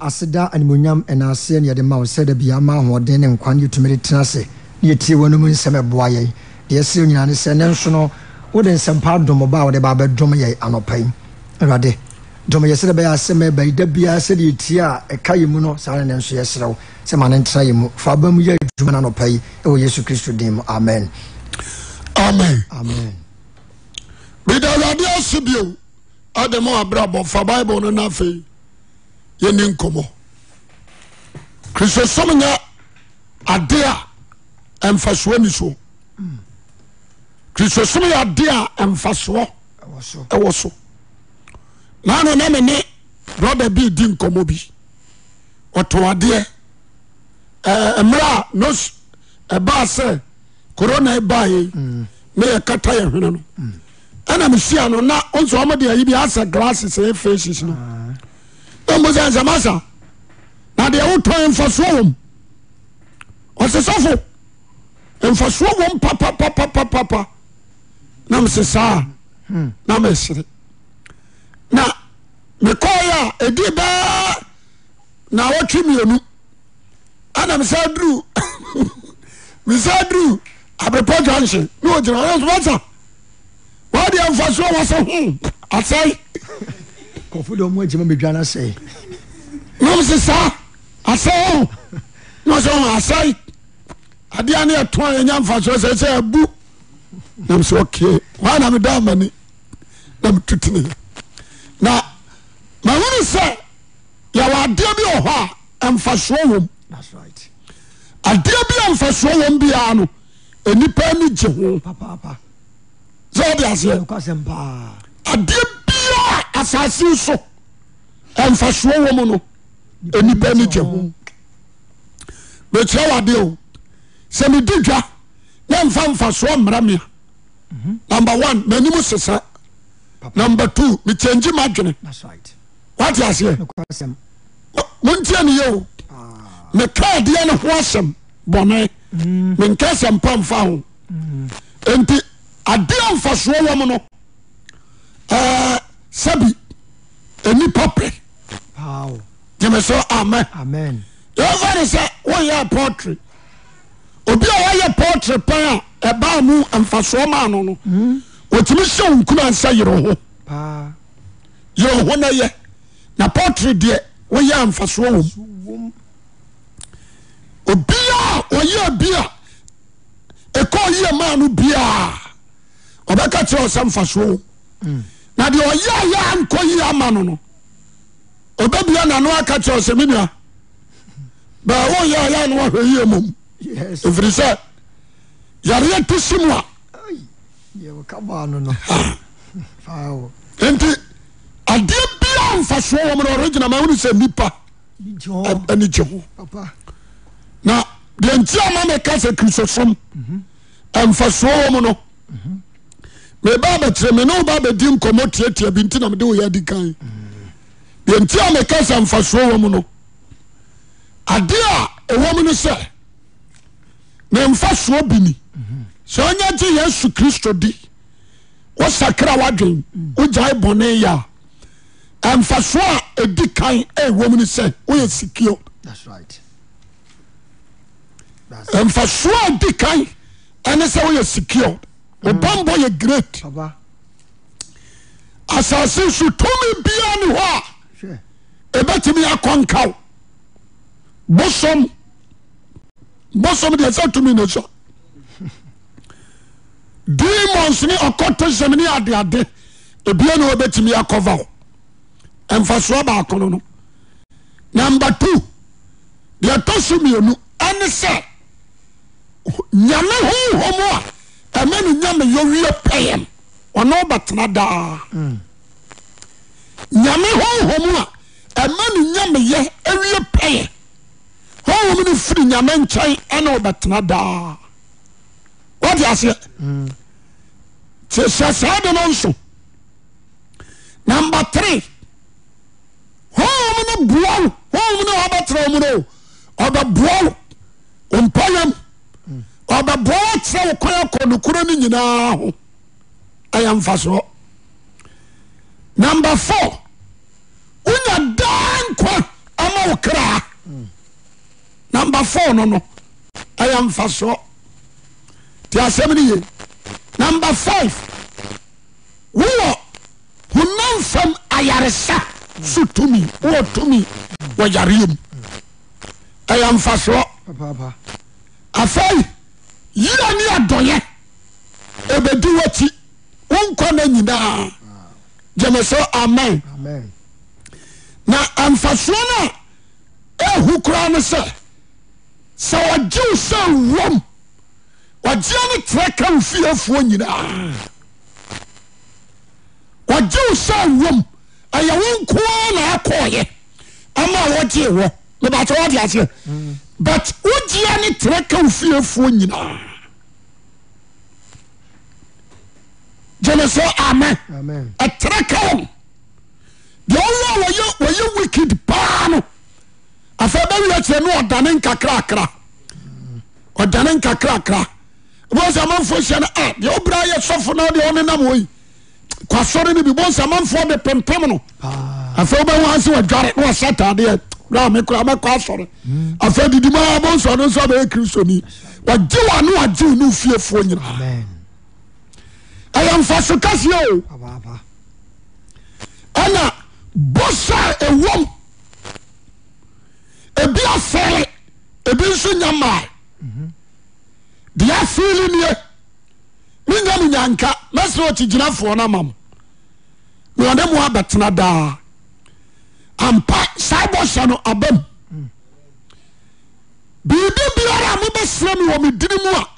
aseda animonyam ɛna aseɛ ne yɛde ma wo sɛ da bia ma ahoɔden ne nkwa ne yɛtumi de tena ase ne yɛtie wɔ no mu nsɛm ɛboa yɛn deɛ ɛsɛ nyinaa ne sɛ ne nso no wode nsɛmpa adom ba a wode baabɛdom yɛ anɔpa yi awurade dom yɛ sɛ bɛyɛ asɛm ɛbayi da biara sɛde yɛtie a ɛka yɛ mu no saa ne ne nso yɛserɛ wo sɛ ma ne ntena yɛ mu fa aba mu yɛ adwuma no anɔpa yi ɛwɔ yesu kristo din mu amen amen amen mede awurade ase bio ade ma abrabɔ fa bible no no yɛni nkɔmmɔ krisosom yɛ ade a mfasoɔ nne soo krisosom yɛ ade a mfasoɔ wɔ so na ne ne menne brother bi di nkɔmmɔ bi ɔto adeɛ merɛ a no ba sɛ coronabaɛi mm. ne yɛkata yɛ hwene no ɛnamusia no na ɔnsoa mɔde ayi bia asa glasse sɛ yɛ fei hye no ah. snsamasa na deɛ wotɔ mfasoo wom ɔsesofo mfasoo wom papa na mesesaa hmm. na mehere na mekɔyɛa ede bɛɛ na watwemionu ana admsa dru abrepɔ danhe ne gyiraɛsomasa waadeɛ mfaso om hmm, asa ho asai nkɔfo de ɔmo agyima bɛdwa no asɛe nom se saa asɛe o na sɛ ɔma asɛe adeɛ a yɛnya mfa sorɔ sɛ sɛ abu nam sɛ ɔkee waa na meda amani na metutene na mahunu sɛ yɛwɔ adeɛ bi wɔ hɔ a ɛmfasoɔ wom adeɛ bi a mfasoɔ wɔm biara no nipa ni gye ho sɛ ɔde aseɛ adeɛ biara asase so ɛmfasoɔ wɔ mu no anipa no gya m mekyirɛ woadeo sɛ medi dwa ne mfa mfasoɔ mmara me a numba one maanim sesa namba tuo mekyangyi ma adwene waateaseɛmontianeyɛo ah. meka adeɛ no ho asɛm bɔne mm. menkra sɛmpamfa ho mm. enti adeɛ mfasoɔ wɔ mu no sɛbi ɛni poprɛ gem so ama yɛwfa no sɛ wonyɛa poltry obi a wɔyɛ powtry pan a ɛba mu amfasoɔ ma no no hmm. wɔtimi hyɛ wonkuna ansa yerɛ ho yerɛ ho nɛyɛ na pottry deɛ woyɛ amfasoɔ wom obia wɔyɛ bi a ɛkɛ ɔyia ma no bia ɔbɛka kyerɛ ɔ sɛ mfasoɔ wom na deɛ ɔyɛ ayaa nkɔ yi ama no no ɔbɛ bia nano aka kyɛ ɔsɛminua bɛ wɔ yɛaya noahwɛyie mom ɛfiri sɛ yareɛ to si mu a ah. enti adeɛ bia amfasoɔ wɔ m no ɔregyinamawone sɛ nnipaanigyi wo na deɛ nti amamɛka sɛ kirisosom ɛmfasoɔ wɔ m no mhm. mebɛ bɛterɛ mene wobabɛdi nkɔmɔtiati bintinamdeoyɛdi kan deɛntia mekɛsɛ mfasoɔ wɔm no ade a wɔm no sɛ ne mfa soɔ bini sɛ wɔyɛ gye yesu kristo di wosakra woadwen wogyae bɔne yɛa mfasoɔ a di kan wmn sɛ woyɛsik mfasoɔ adi kan ɛne sɛ woyɛ sikuo obɔnbɔ yɛ greate asase so tumi bia ne hɔ a ɔbɛtumi akɔ nkaw oooo deɛsɛ tumnos drmonsne ɔkɔto hɛmne ade ade bia ne hɔ ɔbɛtumi akɔ vaw ɛmfasoa baakono no namba tu deɔ snɛne sɛ yahohoma ɛma ne nyame yɛwie pɛɛm ɔne wobɛtena daa hmm. nyame honhom a ɛma ne nyameyɛ awie pɛyɛ honhom no firi nyame nkyɛn ɛne wobɛtena daa wode aseɛ hmm. ti sɛ de no nso number three How many boa wo honhom no wɔbɛtena wo mu no ɔbɛboa wo ɔmpayam ɔbɛboɔ terɛ wo koakɔ no koro no nyinaa ho ayamfasoɔ namba fo wonya daan kwa ama wo kraa namba fo no no ayamfa soɔ ti asɛ n ye namba fi wowɔ honamfam ayaresa so woɔiyeamayamfasoɔafi yianeadɔyɛ ɛbɛdi woati wonkano nyinaa gyamɛ sɛ amen na amfasoa no a ɛho koraa no sɛ sɛ ɔgyew sɛ wo ɔyea ne trɛ ka wofiefoɔ nyinaa ɔgyewo sɛ wom ɔyɛwonkoa naakɔyɛ ama wɔgye wɔ beɛ but wogyea ne trɛ ka ofiefoɔ nyinaa sele so ame tere ka deɛ wowo wayɛ wiked baa no afa bɛɛɛ nfɛkrio agyewa ne agye ne fiefoɔ nyena ayɛmfa so kaseɛ o ana bosaa wom ebi afɛle ebi nso yama dea fieliniɛ meya mu yanka mɛsenɛ atigyina foɔ no ama mo miyade mowa bɛtena daa ampa saa bosa no abamu biidu biara a mobɛsera me wɔ me diri mu a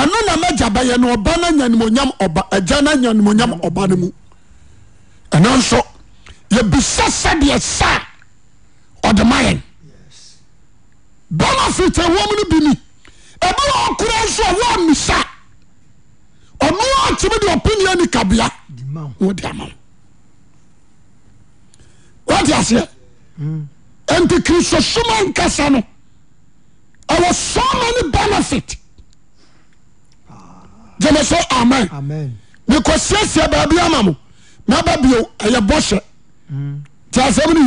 ɛno na mɛgya bɛyɛ no ɔbanayana yanimoyam ɔba no mu ɛna nso yɛbisa sɛdeɛ saa ɔdema yɛn benefit awɔm no bini biɔkora nso ɔwɔ amisa ɔmeɔ kyimi de ɔpedianikabia wodi ama wataseɛ mm. nti kristosoma nkasa no ɛwɔ somany benefit gyemɛ so ama nikɔsiɛsiɛ baabi ama mu maaba bio ɛyɛ bɔ syɛ tiasɛm no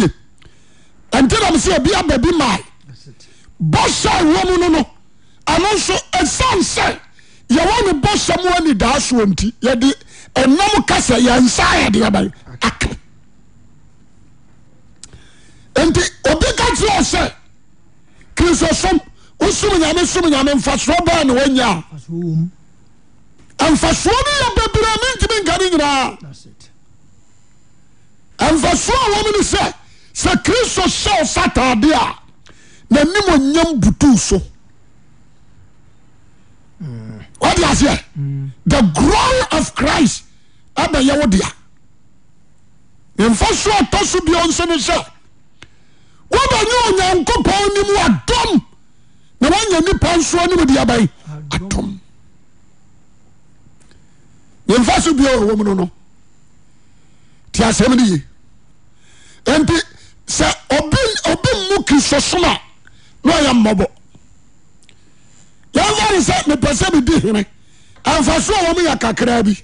y nti nam sɛ bi aba bi ma bɔ sɛ womuno no anaso ɛsiane sɛ yɛwɔno bɔ sɛmuwaanidaa soɔnti yɛde ɛnam kasɛ yɛnsayɛdeɛba nti obi ka terɛɔ sɛ krisosom wosom nyame som nyame mfasoɔ baa newanyaa amfasoɔ moyɛ bebreea ne ntimi nka ne nyinaa ɛmfasoɔ a wɔm ne sɛ sɛ kristo sɛl sataaadeɛ a na nim onyam butuu so hmm. wodea seɛ hmm. the grory of christ abɛyɛ wo dea mfa so ɔtɔ so bio nso no hyɛ wobanyɛ onyankopɔn nim w adom na woanya nnipa nsoa nom deɛbɛn adom mfa so biɔ wom no no ti asɛm ne ye nti sɛ obimmu krisosoma ne ɔyɛ mmɔbɔ yɛmfane sɛ mepɛ sɛ medi hene amfaso wom yɛ kakra bi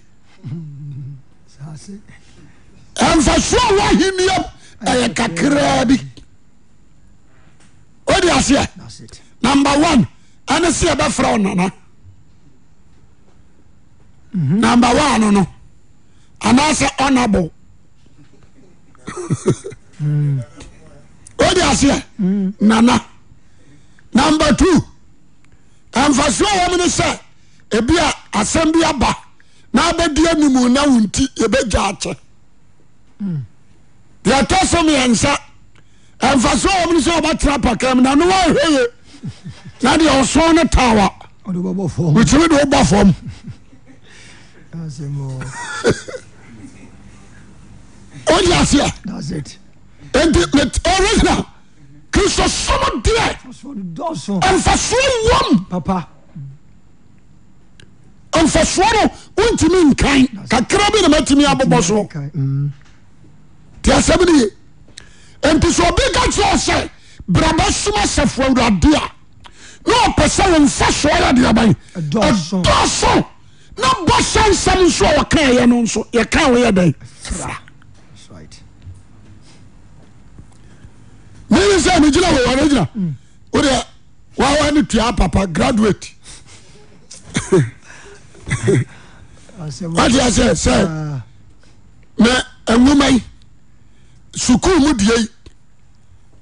amfasowɔ aheniam ɛyɛ kakraa bi odeaseɛ nambe on ane seɛ bɛfraɔnana Mhm. namba o no no anaasɛ ɔna bɔ wode aseɛ mm. nana namba tu ɛmfasua wɔm ne sɛ ebia asɛm bi aba na abɛdi animu na wonti yɛbɛgya akyɛ mm. deɛtɔ somɛnsa ɛmfasoa wɔm ne sɛ wɔbɛtera pa ka mna no waheie na deɛ ɔson no tawawɛkimide wɔbɔ fam oyaasiya inti resinal kristo sono deɛ amfasoɛ yom mfa soɔ no wontimi nkan kakira binama timi abobɔ so mm. tiasɛminiye inti so ɔbe ka ti o sɛ braba soma sɛfoa wura adia ne ɔpɛsɛ omfa soɛ la deabaeɔso n bɔ sansɛm nso a wɔka yɛno nso yɛka woyɛ dan nene sɛ mm. ne gyina woware gyina wode woa wa ne tuaapapa graduate wateɛ sɛ sɛ ne womai sukuu mu diei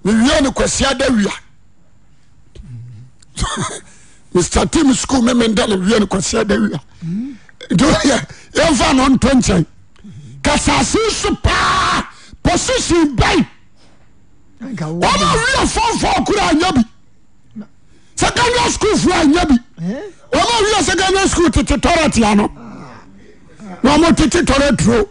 ne wie ne kwasea da wia mm. m tem shol ennkyano nto nken kasaseso paa posison baoma wie fomfo koro aya bi sɛke ya skolfo aya bi misɛka scol ttetoreantte tortr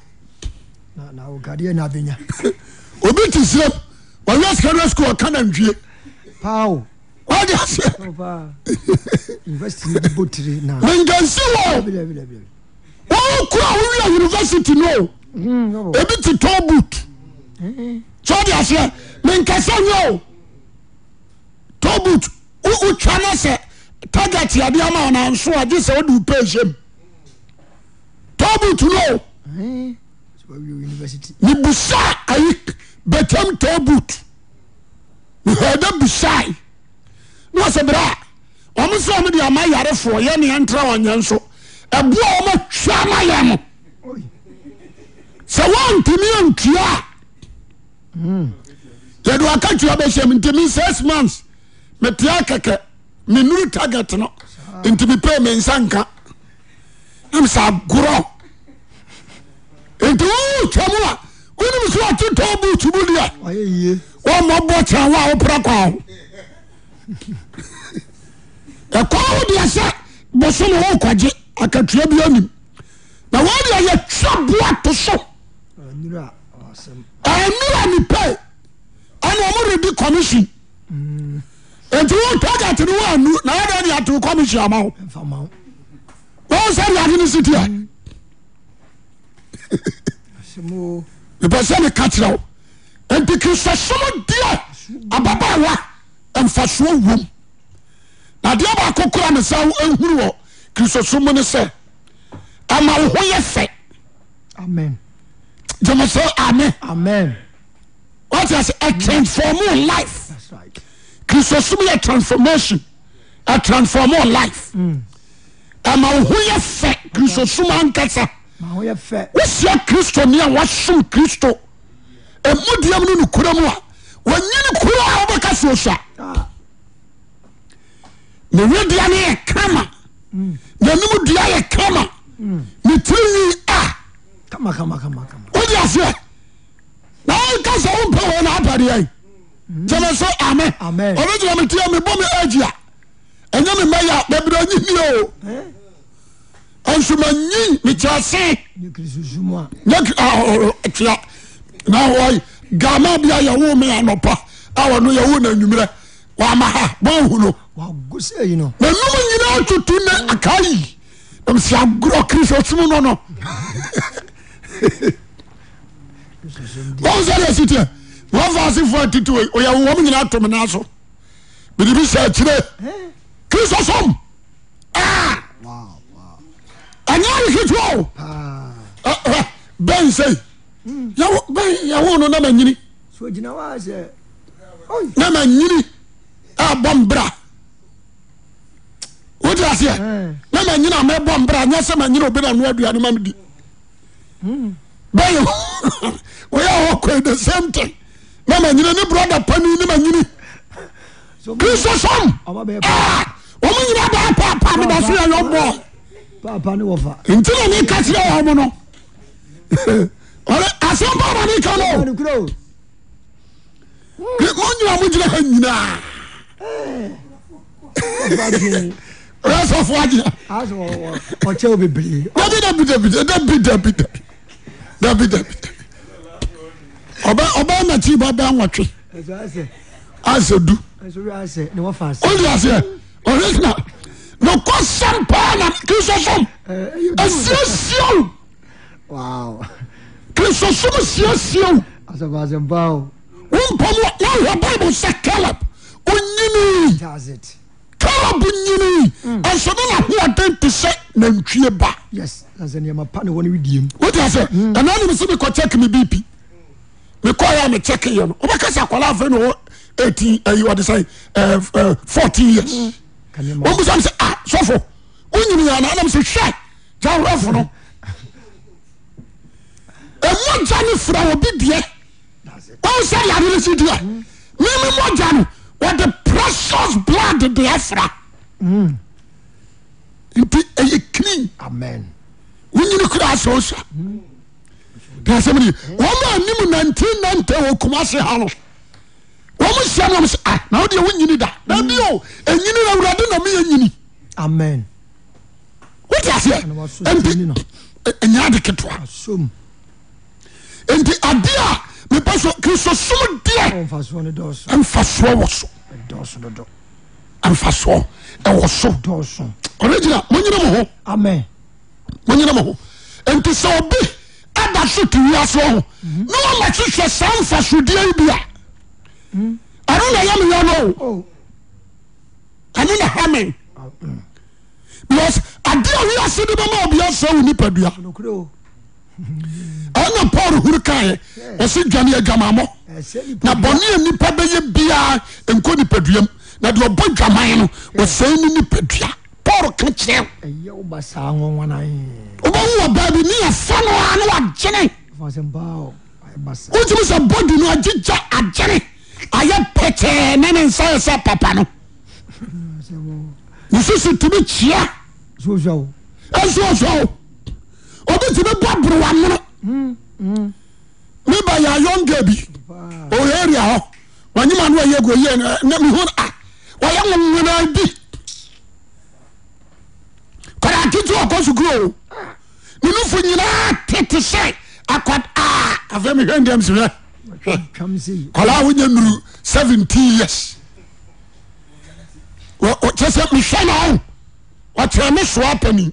obi te se sk scl kana de minkasi w wowkuro wowiɛ university no hmm, ebi te tobot sɛ wde aseɛ minkasɛ wo tobot wotwane sɛ target abiama wonanso gye sɛ wode wopɛsam towbot none busa ai batam tobot hɛda busai s brɛ mesm de mayarefo yɛntrayeso a e oma a ma yamo sɛ wontimiantuaa yedewka twua bɛa ntmesismont metea kek menuru target no ntmepe nsankasɛgor ntitama onoktb tu de kyawopra o ekowodeasa bosene wokagye akatua bi nim na wadeayɛ twira boa to so anur a nipe aneomoredi come tin entiriopakete n waanu nawade niatoo comeshi amawo wowsaniage ne sitia nipa sɛ ne ka tserɛwo entikese somo deɛ ababawa mfasoɔ wom na deɛ baako kora me sa nhuru wɔ kristosom mu no sɛ ama wo ho yɛ fɛ amen gyeme sɛ amen amen what is a transform your life that's right kristosom yɛ transformation a transform your life mm. ama wo ho yɛ fɛ kristosom ankasa wosia kristo ni a wasom kristo ɛmu deɛ mu no mu a yini kroa wobɛka sosa meweedia neyɛ kama neanim dua yɛ kama metiriwi awodeas nwkaswopah neabad keleso ame omegera met mebome agia ɛya memay babrayimio eh? nsomayi mekyeɛsetanh gama bia yawo meanɔpa awan yawo naaumire wamaha bahul anm yina tutone akai misiagro krisosom nn bosrasite wafasi fo titie oyowamo nyina tomenaso bidibisekire krisosom anyarket ah! ah. bensei yawono nemayini nemayini abombra wetase nemayini amebbra nyase mayii obeanadanmdi be ywo kothe same t emayini ne broda pan nemayini so so ome yini aba papa mdasoyyb intine ne ka sire yamono asɛmpa amane ka no monyina mogyina ha nyinaa rẹsọfọ agyina. ọkyẹ wo bebree. dabi dabi dabi dabi dabi dabi dabi dabi ọbẹ ọbẹ ẹnàtí ibà na kí n sọ esosom siesiao ompm bible se kal yinal yine senhnte sɛ nantie bann se mek ceke me bepi mekɔyɛ eh, eh, eh, mm. me cheke yeno mɛkase kwalfin8s 4 yearskms sfo oyininnsh jaf mua ne fra obi deeed ean ode preious blod de sraniye kn yini asanim 990kose ha mswyeni ah, dainidnminiddeke inti adea mepos krisosom deɛmfasowɔsmfawɔsoaoyinom ho nti sɛ ɔbe ada so to wiaso ho mhm. ne wamatwehwɛ saa mfasodeɛm bia arona mhm. yɛ meyɔnoo ane oh. na hame ah, mm. becaus adea wiase de mama obiasa wo nipadua ɛna paur huru kaɛ ɔsɛ dwane yɛadwamaammɔ na bɔnea nipa bɛyɛ biaa nko nnipaduam na de ɔbɔ dwamae no wɔsɛm no nipadua pauro ka kyerɛo wɔbɛhu wa baabi neyɛfa no ar ne wagyene wotumi sɛ bɔ du no agyegya agyene ayɛ pɛkyɛɛ ne ne nsao sɛ papa no neso su tumi kyea asuo sɛo obe tine ba bro wa muno mi baya yongabi oyeriao wayimnyegy a ayeowenbi kor a tetioko sukur enufo yena tete sei ako a afe medmise kolawye nuru seenten years sse mesen atea mo suwa pani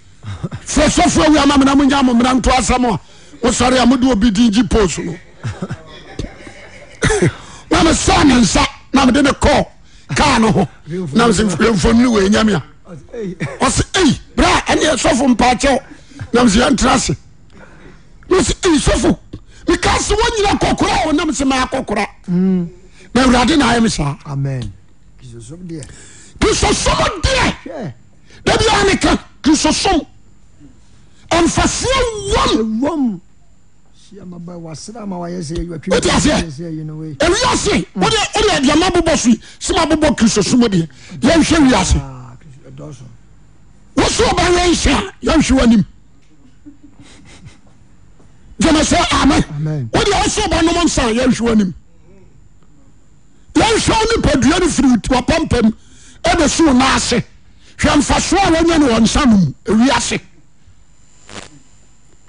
fro sofo wema menmuyanto sama osremodobi dingi pos me sanensa nmedene ko ka nmfonweyam s eraen sofo mpake yaesyantrase s esofo mekasewo yina kokorans kokora radense kiso som dee dabinek keso so ɛnfasiɛ wɔm wode aseɛ ewiase wode aduama bobɔ so sima bobɔ kristosom deɛ yɛnhwɛ wiase wo ah, so ɔbɛyɛ nhyɛ a yɛnhwɛ w'anim gyama sɛ amen wode wo so ɔbɛnom nsa a yɛnhwɛ w'anim yɛnhwɛ wo nipadua no firi wapampam ɛbɛsi wo naase hwɛ mfasoɔ a wanya ne wɔ nsa no mu ewiase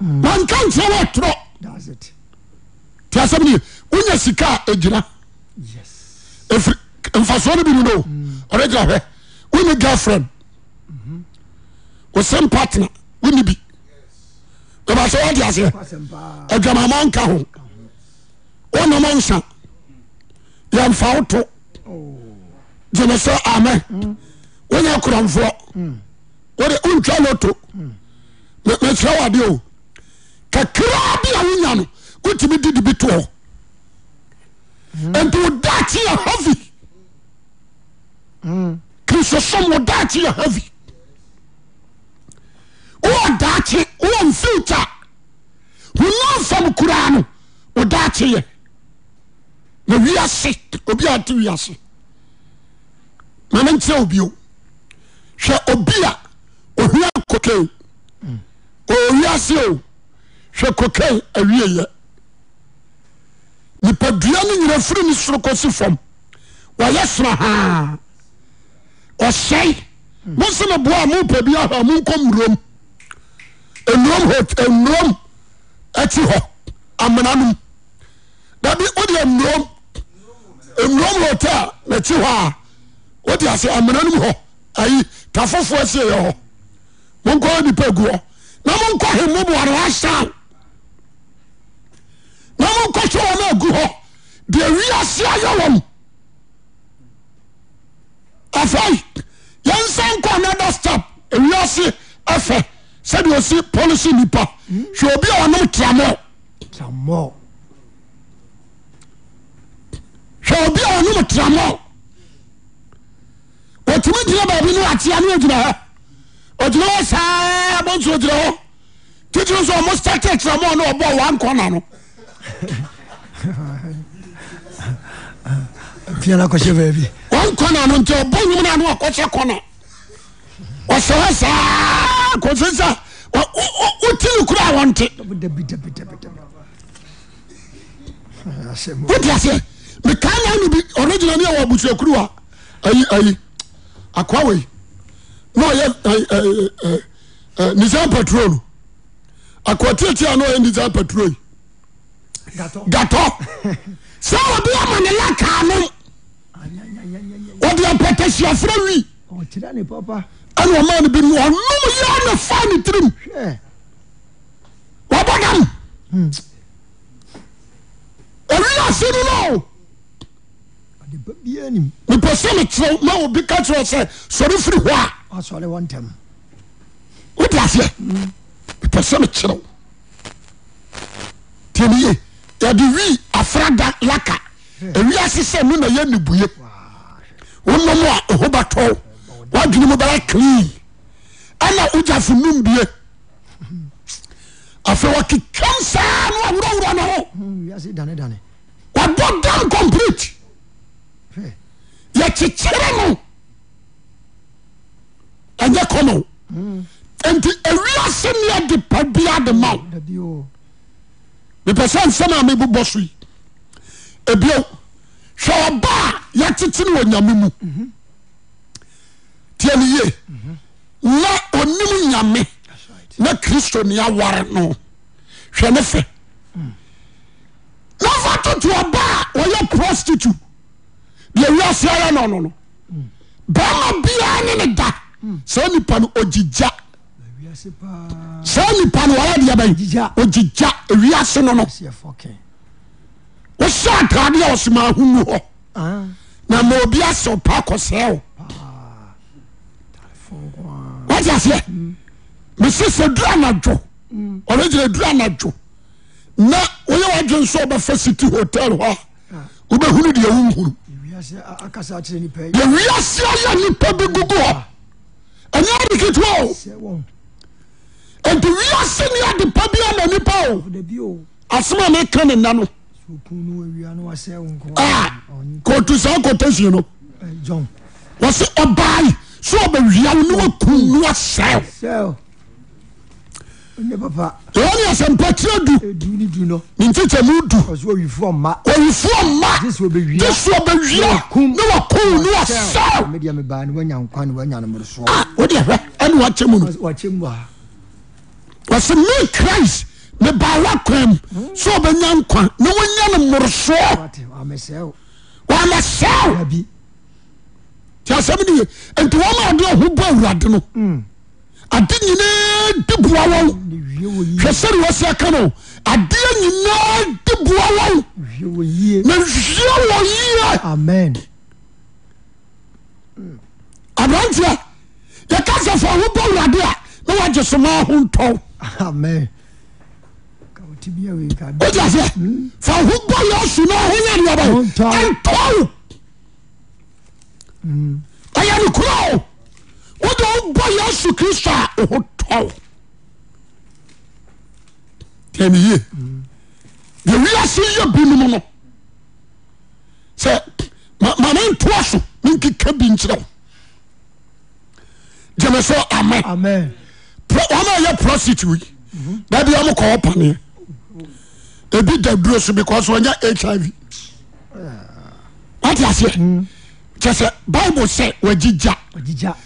mankantiɛ wo toro diasɛmnee woya sikaa agina mfasow ne binu no oregah wene girlfriend wosim pa tena wene bi ebas wadiaseɛ adama manka ho wonemo nhyan yɛmfa woto gzene so ame mm. wonye koronforo mm. wode wontwa loto mɛsrɛ woadeɛ o kakera bi a wonya no wotimi didibi to hɔ npi wodakye yɛ havi kirisosom wo daakye yɛ havei wowɔ daakye woɔ mfiwta hunufa m koraa no wodakye yɛ na wiase obi ate wiase mama nkyerɛ wobio hwɛ obia ohia koke owiase o hwɛ koke awieyɛ nipadua no nyina firi fam haa hmm. boa a mopɛbi aha monkɔ nnurom nurom je hɔ amena dabi wode nurom nurom hotel nati hɔ a de ase amena hɔ ayi monkɔ bipa gu ho na monkɔ he moboaresa na monkɔ hebone agu hɔ be wiase ayɔwom afei yemsa nkɔne destop wiase fe sɛd ose polisy nipa hɛ obinom tama hw obinom trama otimitimɛ babi no atea nogyinaa oyinao saa motu yeraho tikiri so mo satetremnb ankona nnkn n nt ɔb nke kona oseho saa kssa wotino koroa wontes meka nanbi ɔreyinaneawbakura weyɛ nisan patro no akotietianeyɛ nisan patro gatɔ sɛ obi amane laka no wode apota siafra wi anemane bin ɔnom yene fai ne tirim wabɔdam owire hmm. senu no eposene terɛmaka trɛ sɛ sore firi hɔa wode aseɛ epɛ sɛ me kyerew tine ye yade wi afrada laka wiase sɛ no nayani buye wonoma ohobato waadene mo bara clen ana wojafo numbie afe wakekam saa nawrwr nho ado dan complete yɛkekyeren ɛyɛ kn nti awiase neɛde pa bia de ma wo mepɛ sɛ nsɛm a mebobɔ so yi ebioo hwɛ ɔba a yɛtete no wɔ nyame mu ntiɛneye na ɔnim nyame na kristo ne aware no hwɛne fɛ nofa to nte ɔba a wɔyɛ prostitu deɛ awiase ayɛnɔno no barima bia ne ne da saa nipa no ogyigya saa nipa no wɔyɛ deɛ bɛn ogyigya ewiase no no wohyɛ ataade a ɔsoma ahunu hɔ na ma obi asɛ ɔpa akɔsɛɛ wo wagye aseɛ mese sɛ duru anadwo ɔregyina duru anadwo na woyɛ wadwe nso ɔbɛfa city hotel hɔ wobɛhunu deɛ wonhunu deɛ wiase ayɛ nnipa bi gugu hɔ ɛnyɛ ade ketewa o nti wiase ne ade pa bi ama nipa o asɛm a meka ne nna no kɔtu saa kɔtasie no wɔsɛ ɔbae sɛ ɔbɛwia wo ne wakum ne wasɛe ɛwɔ ne asɛmpa kyerɛ du ne nkyɛkyɛmu du owifoɔ mma gye sɛ ɔbɛwia ne wakom ne wasɛw wode hwɛ ɛne wakyɛ mu no ɔsɛ me christ mebaa wakwan m sɛ ɔbɛnya nkwa na wɔnya no mmorosoɔ wɔamɛsɛw nti asɛm ne ye nti wɔma ade ɔho bɔ awurade no ade nyinaa deboa wɔhwɛ sɛrewa siɛ ka no adeɛ nyinaa de boa wɔ na wiɛ wɔ yie abranteɛ yɛkasɛ faahobɔ wnadea na mm. woaye soma ho ntɔoas faahobɔɛasono hoyaneaba ntɔ ayɛnokoro wode wogɔ yesu kristo a wohotɔawo tanye deriase yɛ binom no sɛ mamentoa so menkeka bi nkyerɛ o gyeme so amɛ na ɔyɛ prostitut baa biaamkɔwɔ paneɛ ɛbi daduro so because wɔyɛ hiv wateaseɛ mm. kyɛrsɛ bible sɛ wagyegya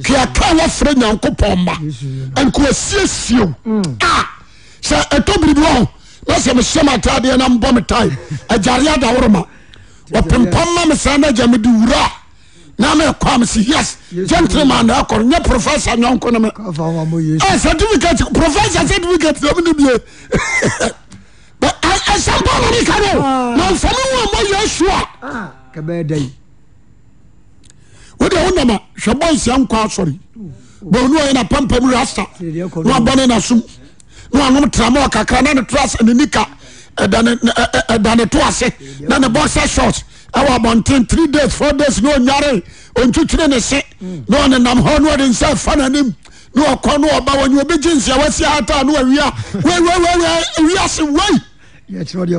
hweaka wɔfrɛ nyankopɔn ma nkowasiesieo mm. a sɛ ɛtɔ biribi wɔ na sɛ mehyɛ m atadeɛ na mbɔ me tae agyareɛ adaworoma ɔpempam ma me saa na agya mede wura a na mekɔa me sɛ yes gentleman na ɛkɔno nyɛ professor nyɔnko no me certificate professor certificate dɛmne bie ɛsɛmpɔ ma ne ka no na mfame wɔ mɔ yɛ asu a ah, wode wo nama hwɛbɔsia nka sɔre bune yɛna papamu rase ne bɔne nasom ne ano tramakakranne neika danetoase n nebɔ sɛso ɛwbnte 3 days f daysneɔnare ɔntwikwere ne se ne ɔnenam hn densɛ fannim ne ɔkɔn ɔbanoɛensawsnise weɛ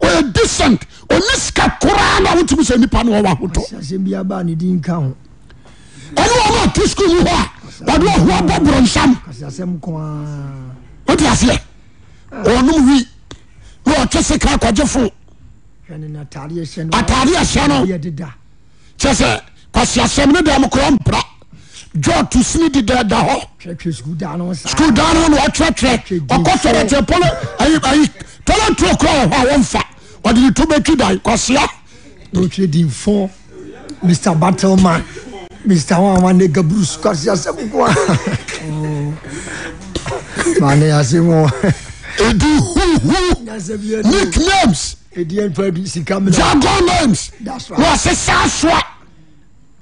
oyɛ disant one sika koraa naa wotumi sɛ nipa ne ɔwahoto ɔne wɔna ake skul mu hɔ a bade wɔhoa bɔ borɔ nsam woti aseɛ ɔnom wi ne ɔtwe se kra kɔgye fo atarea sɛ no kyerɛ sɛ kaseasɛm ne da mokorompra jọ tu sini di dẹ da hɔ sukuu dan no na ɔtwerɛtwerɛ ɔkɔ fɛrɛ tiɛ ayi ayi tɔlɔ tu okura wɔ hɔ a fa ɔde ne tu bɛ tu da kɔsia. n'otwe di nfɔ mr battleman mr wanwan ne gaburu sukasi asɛmukua maa ne yase mu. edi huhu nicknames jargon names wɔ sisan soa.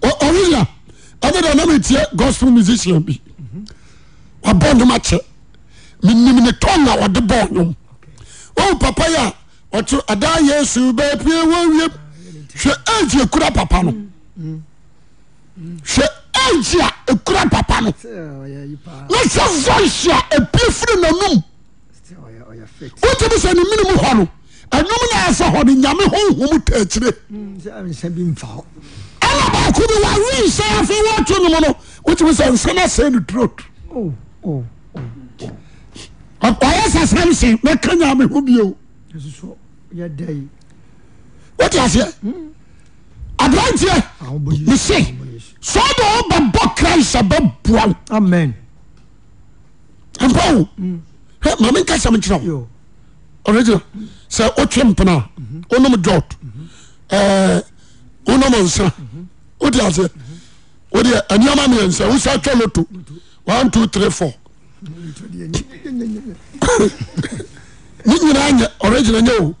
ɔrea ah, ɛne dɛ nam atia gospel musician bi wabɔdomakyɛ menim ne tɔn a ɔde bɔ nom womu papayi a ɔto adayɛsu bɛape wowiem hwɛ angy kura papa no hwɛ anga kura papa none sɛ soh a apie firi nonom wota misɛne menom hɔ no ɛnom no asɛ hɔno nyame honhom takyire hmm, baomi wonsɛafe wotonom n wotiisɛ nsanosɛno oyɛ sɛsamsen ɛka yae ho b woeaɛ abranteɛ mese sowdeobabɔ kransɛ babua ampaomamenka sɛmkyerɛ ogin sɛ wote men on onm nsera wode ase wode aneɔma mmiɛnsa wosa twa loto one two three four ne nyinaa nyɛ ɔregina nyɛ o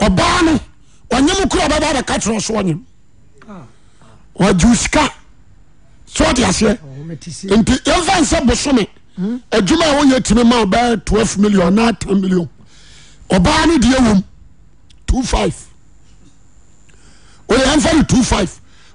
ɔbaa no ɔnyɛ mo kura ɔbɛba bɛka kyerɛ so ɔnyem wagye sika sɛ wode aseɛ nti yɛmfa nsɛ bosome adwuma a woyɛ tumi ma ɔbɛyɛ twelve million na ten million ɔbaa no deɛ wom two five oyɛ yɛmfa no two five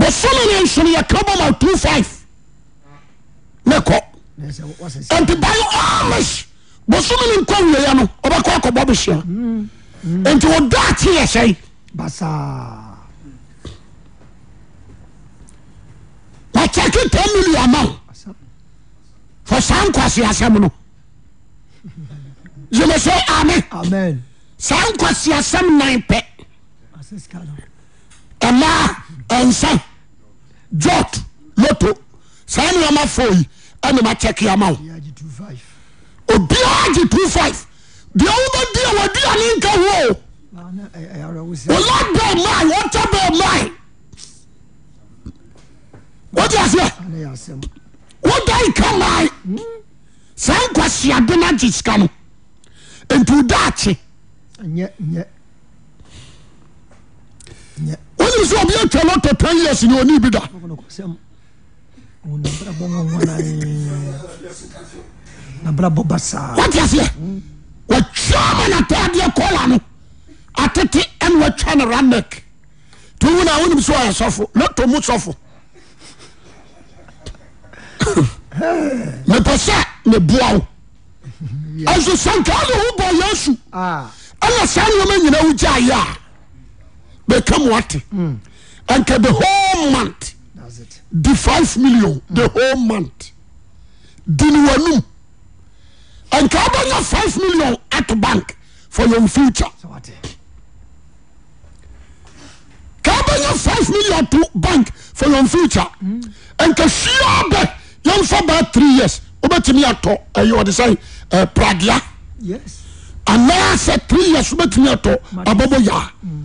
bosome ne nsono yɛ kaba ma two five ne kɔ nti bayo amish bosome ne nkɔ wieya no ɔbɛkɔ akɔbɔ behyia nti ɔdɔ ate yɛ sɛe wakyɛke ten million ma wo fɔ saa nkwase asɛm no yeme sɛ amen saa nkwase asɛm nan pɛ ɛma nsa jot loto sa ɛneyama foi ɛnemakyɛkeama wo obiage 25i deɛ ɛwbediawadianenkahoonbalmawota blma woteas wodaikama sɛ nkwasiadena gye sika no ɛnti dakye taaysnnidawataseɛ watama na tadeɛ kola no atete neatane ranek tnwne sɛasofo ne tomo sofo mepɛsɛ neboao nssanka nwo baasu na sa wa yinawoya ya di fi million the hme mont diniwanum awy million at ban for ynfutre ka wobɛnya 5 million ato bank for yon future ɛnkɛ sibɛ yenfa ba thre years wobɛtimeɛtɔ eh, ɛyɔdesɛy eh, praga anasɛ tre years fobɛtimiatɔ abɔbya mm.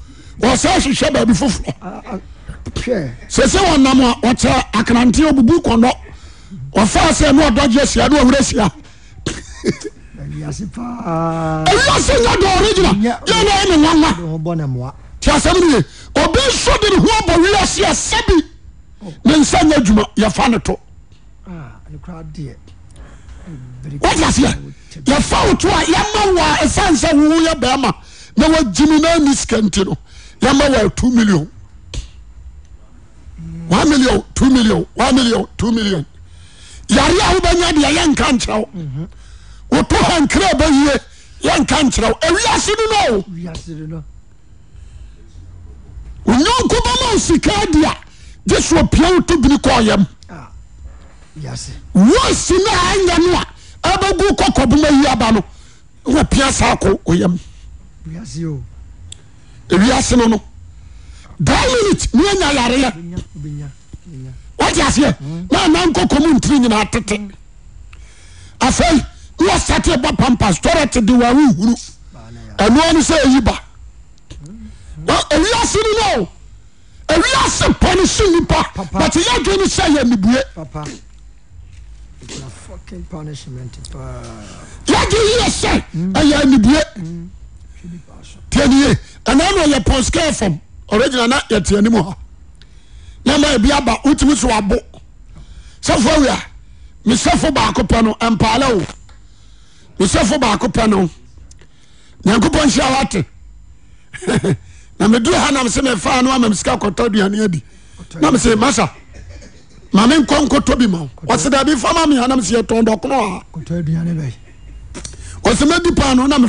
wɔsa hyehyɛ baabi foforɔ sɛ sɛ wɔnam a wɔkyɛ akranteɛ obubu kɔnɔ wɔfaa sɛ ne ɔdɔgye sia ne ɔwerɛ sia awiase nya dɔ ɔregyina yɛna ɛne nwanwa nti asɛm no ye obi nso de ne ho abɔ wiase a sɛbi ne nsa nyɛ adwuma yɛfa ne to wote aseɛ yɛfa wo to a yɛma wo a ɛsiane sɛ wo ho yɛ bɛrima na wagyimi na ani sika nti no yɛmɛw 2 milio miiimi yare wobɛnyadea yɛnka nkyerɛ w woto hankra baie yɛnka nkyerɛ w awiase no no o nwanko bama o sikaa dia gye soɔ pia woto bini kɔ ɔyam ah, wosi no aya no a abagu kɔkɔ bomawie aba no wɔ pia saakɔo yam ewiase no no that minute ni enya yareɛ wɔte aseɛ na anankɔ kɔmu ntiri nyinaa tete afei ni wɔsate bɔ pampas tɔrɔ te de wɔn ahuhuru ɛnoa no sɛ ɛyi ba ewiase no no ewiase pɔne si nipa but yɛ dwe no sɛ yɛ mibue yɛ dwe yɛ sɛ ɛyɛ mibue. tanie ananoye pon skal fom oregina nayatianisfo kyankupmd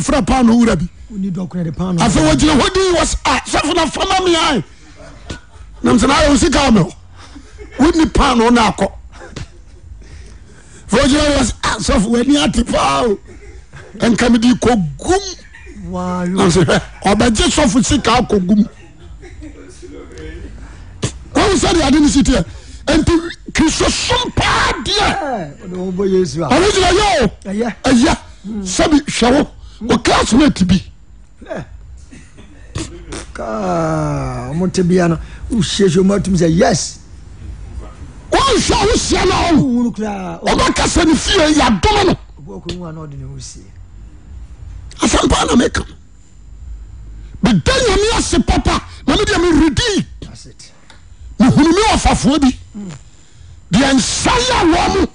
pefra par yina d fnfaa nsika woni pannek nakamde ko bɛye sofo seka ko ɛddnsn s sompadɛniayɛ e sɛbi hɛw okesonoatebi kaa ɔmo te bia no wosiesie ɔmo atum sɛ yes wonhwɛ wo hyia no ɔbɛkasa ne fie yɛadome no asɛmpa na meka meda nyame ase papa na medeɛ meredi mehunumi ɔfafoɔ bi deɛ nsa yɛ wɔ mo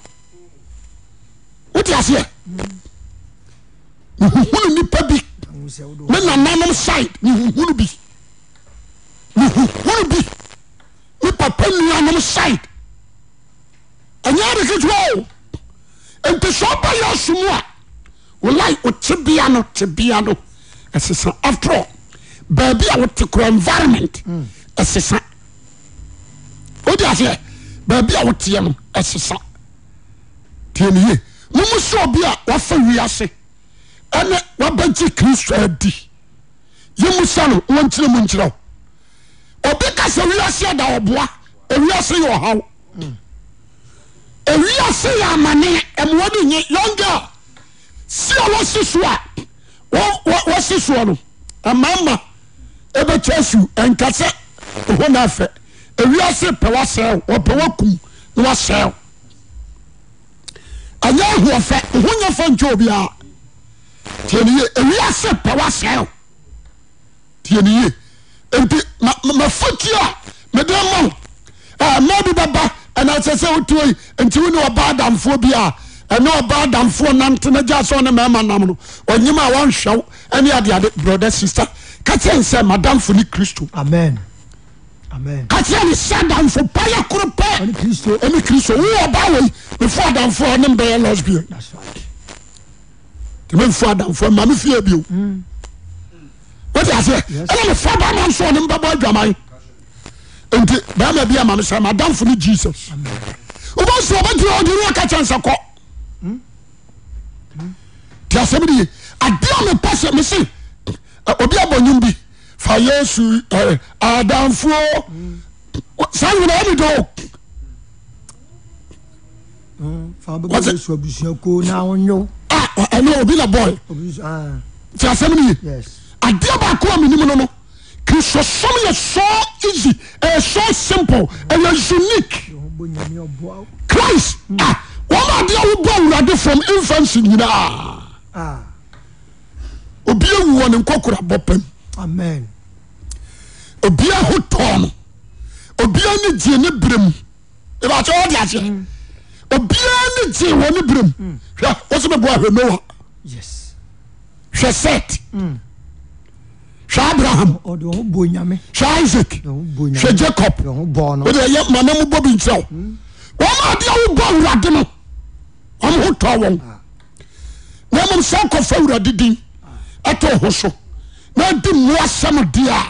wode aseɛ mehuhunu nnipa bi menana nom side mehuhur bimhuhuro bi me papa nuanom side ayɛadeketewo nti sɛ oba yɛ aso mu a ol wo tebea no tebea no asesa afterall baabi a wote koro environment asesan odiasɛ baabi a woteɛno asesa momu sɛobi a wofa wi ase ɛne wabɛgye kristo adi yɛ mu sa no wɔnkyerɛ mu nkyerɛ wo obi ka sɛ wiase ɛda ɔboa ewiase yɛ ɔhaw ewiase yɛ amane ɛmoa bi nye young si a wɔsi so a wɔsi soɔ no amaama ɛbɛkyɛ su ɛnka sɛ ɛhɔ na afɛ ewiase pɛ wasɛɛ wɔpɛ wakum na wasɛɛ ɛnyɛ ahoɔfɛ ɛho nyɛ fɛ nkyɛ obiara. tnye wiase pɛ woseo tnye mafotua mede moma bi baba nsesɛ wo ntiwne a adamfo na damo nasmanam nyem wanhɛw neadeade brode sister kaken sɛ madamfo ne kristo kaen sɛ adamfo paye koro pɛ ne kristo wbawi mefo adamfo aney lasbia tẹmẹfọ adamfọ maame fiye bi o wote aseɛ ɛna ne fa ba nan sɔɔ ne mbɛbɔ adwaman nti bɛrima bi a maame sɛ ma adamfo ne Jesus wobɛ sɔ ɔbɛ gyina ɔdi ne ɔka kyɛn sɛ kɔ te asɛm de ye adeɛ a mepɛ sɛ mese obi abɔ nyim bi fa Yesu adamfoɔ saa nyina ɛne dɔ fa bɛbɔ Yesu abusua koo na ɔnyo ɛne obi na bɔɔl ti asɛm ni ye adeɛ baako a mi nimu no no kristu sɔm yɛ so easy ɛyɛ so simple ɛyɛ unique Christ mm. ah, a wɔn adeɛ awo bɔ awurade from infancy nyinaa ah. obi ewu wɔ ne nkɔkora bɔ pɛm. Amen. obi aho tɔɔ no obi ani gye ne berɛ mu ebaatɛ ɔde obiara ne gye wɔ ne birim hmm. hwɛ wɔsɛ bɛbɔ ahwɛ noa hwɛ set hmm. hwɛ abraham hwɛ isaac hwɛ jacob wode ɛyɛ mana mu bɔ bi nkyerɛ hmm. wo wɔma adeɛ wobɔ awurade no ɔmo ho tɔ wɔn na mmom sɛ wokɔfa awurade din ɛtɔ ah. ho so na adi mmoa sɛm deɛ a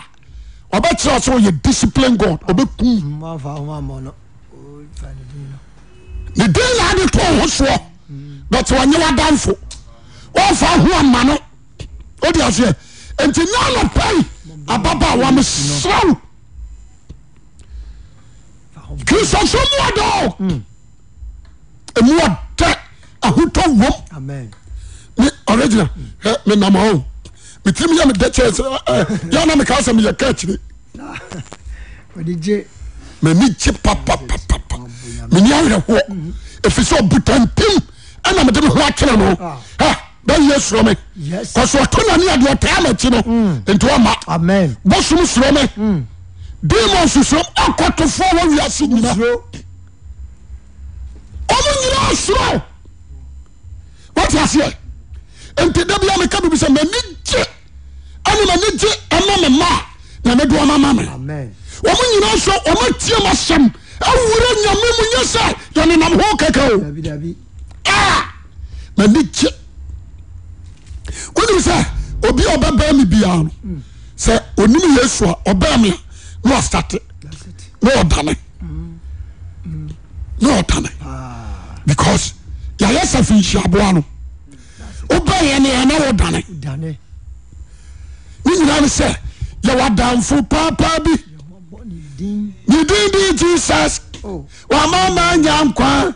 ɔbɛkyerɛ wo sɛ woyɛ discipline god ɔbɛkum nedalade tooho soɔ but wanye wadamfo ɔfa ho ama no odeasɛ enti naanpa ababa wamesrao krisa so muade mde ahowo glenaa eɛɛnkasɛyɛkakre ange pa meni ayereho fisɛ butamem namee moerenoɛa soromesndeina osom soro me ah. bemɔsosro mm. mm. ktofoiase nyina ɔmo yina soro wate aseɛ nti daiamekaboisɛ mangye aneanye ɛma mema namedemamame ɔmoyina so ɔmatiemɔsem awura nyame munyɛ sɛ yɛne nam hɔ kɛkɛ o mani kyɛ wonim sɛ obi a ɔbɛ baa me bia no mm. sɛ ɔnim yesu a ɔbaame a na asate na ɔdane mm. na ɔdane ah. because yɛyɛ safi nhyiaboa no wobɛɛneana wo dane wo nyina ne sɛ yɛwɔ damfo paapaa bi nedindin jesus oh. wma manyankwa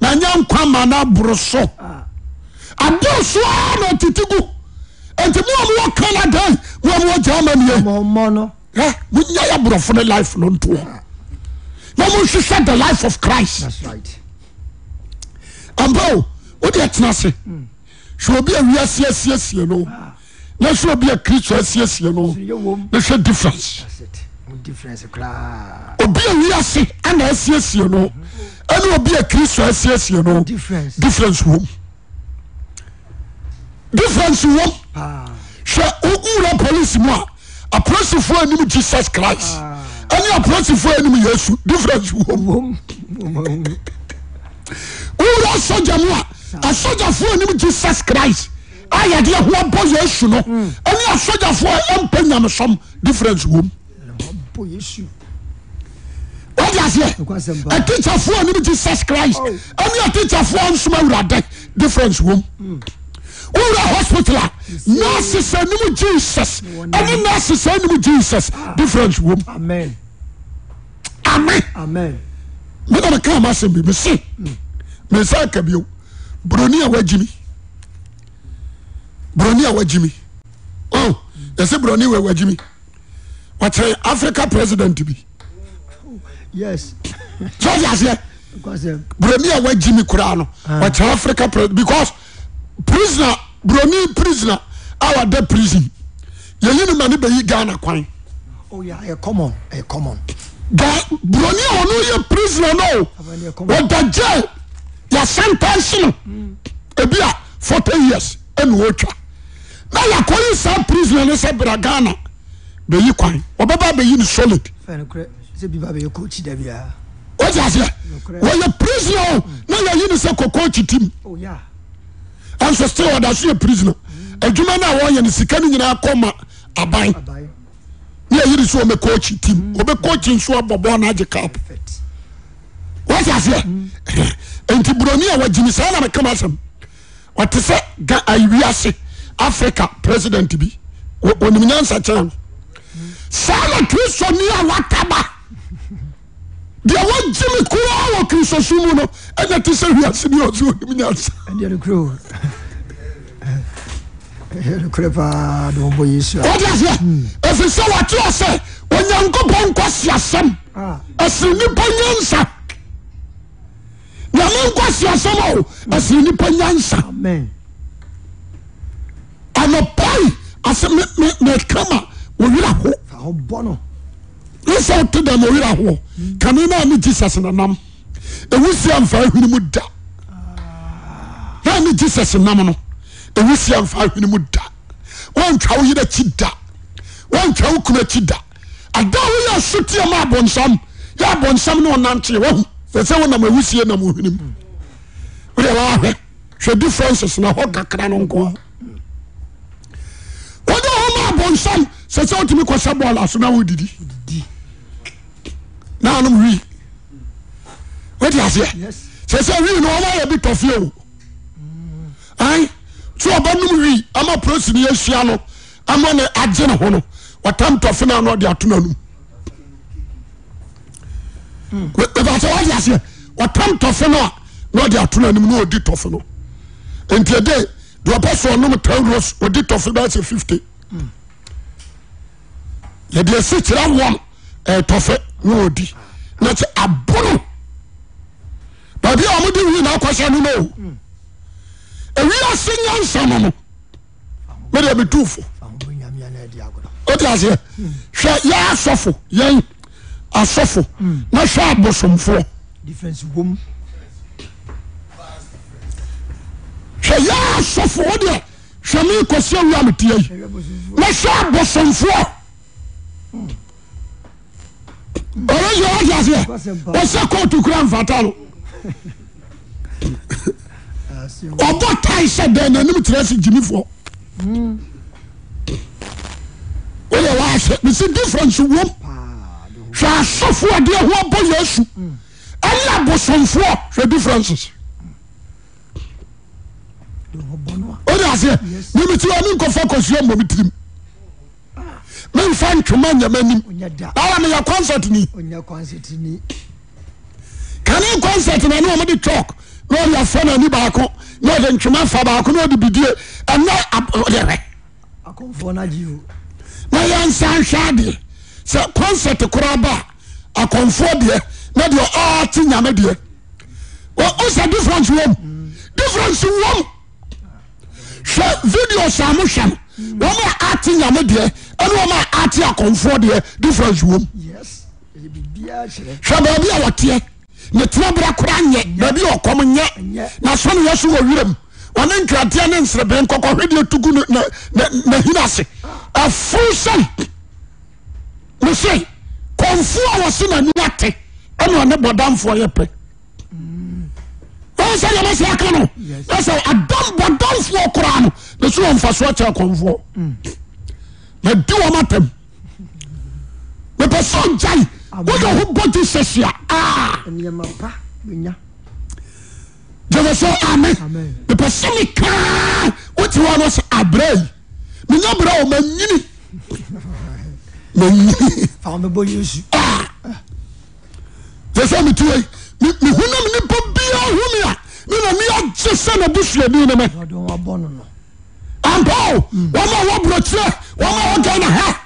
manya nkwa ma no boro so ab ah. so a na titi gu nti moa mowɔ kanadan moamoɔ gamaneɛ moyaɛ aborɔfo no life no noɔ ah. nɛ monhwehwɛ the life of christ mpao wode tena se hɛobi hmm. awi sesisie no ah. n hwɛobi akritura asisie no ne hwɛ difference obi a wiase ana ase asie no ɛneobi a kristo asiasie no diference wom difference wom hwɛ owura polisy mu a aprɛsifoanim jesus christ ɛne aprɛsifoanimysu difference o wowura asoya mu a asoafoɔ anim jesus christ ayɛdeɛ hoabɔ yɛasu no ɛne asoyafoɔa ɔmpɛ nyamsom difference wom po yesu. wọ́n di aseɛ atikyafoɔ ni bi jesus christ ɛni oh. atikyafoɔ nsoma awurade difference wɔm wowura hmm. hospital a nurses anim jesus nurse nurses anim jesus ah. difference wɔm amen amen mena meka ma asɛm bi mese hmm. mensa aka bio buroni a wagyimi buroni a wagyimi yɛsɛ oh, hmm. buroni wɔ wagyimi wɔteɛ afrika president bi suaseɛ buroni a waagyemi koraa no ah. te africa preside because prisona buroni prisonar awɔda prison yɛyino ma ne bɛyi ghana kwan da oh, buroni a ɔno yɛ prisona no ɔdagye yɛsanta hyeno bia 4 years anuɔtwa na yɛkoresaa prisona no sɛ bra ghana ɛi ka ɛbɛyin sidɛyɛ prison nyine sɛ kɔkoi tem nsdsoyɛ priso dwuanoyn sika yinayreɛɛ ɛɛsɛ se afrika president bi ɔninyasakyɛo saa na kristonni a wotaba deɛ wogyeme koraa wɔ kristo so mu no ɛnɛ te sɛ wiasene ɔsem nyansaɛ ɛfi sɛ wɔteɔ sɛ ɔnyankopɔ nkɔ siasɛm ɛsin nnipa nyansa nama nkɔ siasɛm o ɛsinnnipa nyansa amapai asɛ mɛɛkama wɔwera hɔ yesu ate dam ɔwerɛ hoɔ kane na ne jesus nenam ɛwusia mfa ahwene mu da na ne jesus nam no ɛwusia mfa ahwene mu da woantwa wo yerɛ akyi da woantwa wo kunu akyi da ada woyɛ asoteɛ ma abɔnsam yɛ abɔnsam ne ɔnanteɛ wahu sɛ sɛ wonam awusie nam ohwenem wode waahwɛ hwɛ differences na hɔ kakra no nko wode hɔ ma abɔnsam sɛ sɛ wotumi kɔsɛ bɔɔl aso na wodidi na anom wi mm. wode aseɛ sɛ sɛ wi no ɔma yɛ bi tɔfie o mm. ai tí ɔba nom wi ama polisi ni ahyia no ama ne agye ne ho no wɔtam tɔfe na ano ɔde ato n'anum ɛfasɛ mm. wode aseɛ wɔtam tɔfe na ɔde ato n'anum na ɔdi tɔfe no nti ɛde deɛ ɔpɛ so ɔnom tan ros ɔdi tɔfe bɛɛ sɛ 50 ɛdeɛ ɛsekyerɛ wan ɛɛtɔfɛ wɛɔdi nanti abono babia wamode wiinaakɔsɛ nonɛo ɛwiase nyansa no no mɛde bito fo tsɛ hwɛ yɛ asɔfo yɛn asɔfo na hwɛ abo somfoɔ hwɛ yɛ sɔfo deɛ hwɛmekɔsɛ owia mutiayi na hwɛ abosomfoɔ ọ̀rọ̀ yìí wọ́n ti àṣeyẹ ọ̀ṣẹ́ kóòtù kúrẹ́ nfàtà lọ ọ̀bọ̀ táì ṣẹ̀ dẹ̀ n'anim tìrẹ́ sí jìnnì fọ́ wọ́n yẹ wọ́n aṣẹ bísí dífẹ̀nsì wọ́m hwẹ́ asọ́fọ́ ẹ̀dí ẹ̀hún ọ̀bọ̀ yẹn sùn ẹ̀yẹ abosomfọ́ hwẹ́ dífẹ̀nsì wọ́n yẹ aṣẹ mímu tí wọ́n ní nkọ́fọ́ kọ̀ sí ọmọ mi tìrì mu. mefa ntwoma nyamn ya onsetn kaneonset dnde n et de n ysandɛset aanf d dat yam dɛsɛ ierense wo iferense wo wɛ video sama myaat nyam deɛ aaafoɔ ɛwɛ baabi aɔteɛ ne tomabra rayɛbaiyɛnneɛɛe sɛeɛso knfuwɔ se nanaee bafoɔyɛ pɛɛɛfɔa omfasokɔfoɔ ede womtem mepe so jaiwose hoboe sesia jeseso ame mepe seme ka wetiwnse abra menya bra mayiniso mete mehuna mnibo bi humea menemiayesenabo saminme ampa omwo brokere wọn ma wọn gana ha